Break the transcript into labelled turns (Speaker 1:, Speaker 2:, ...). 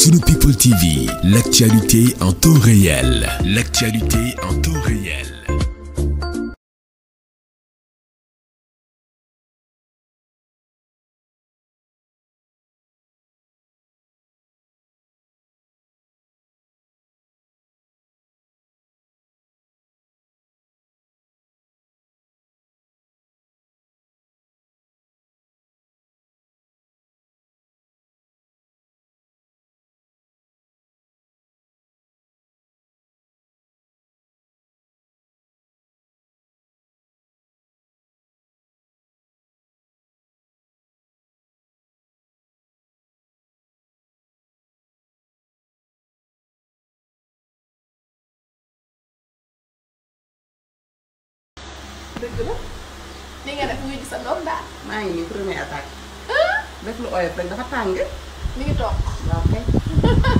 Speaker 1: Sunu People TV, l'actualité en temps réel. L'actualité en temps
Speaker 2: réel. dëgg la li nga def mu sa doom daal.
Speaker 3: maa ngi nii premier attaque. Ah. def lu oyof rek dafa tàng. mi ngi toog waaw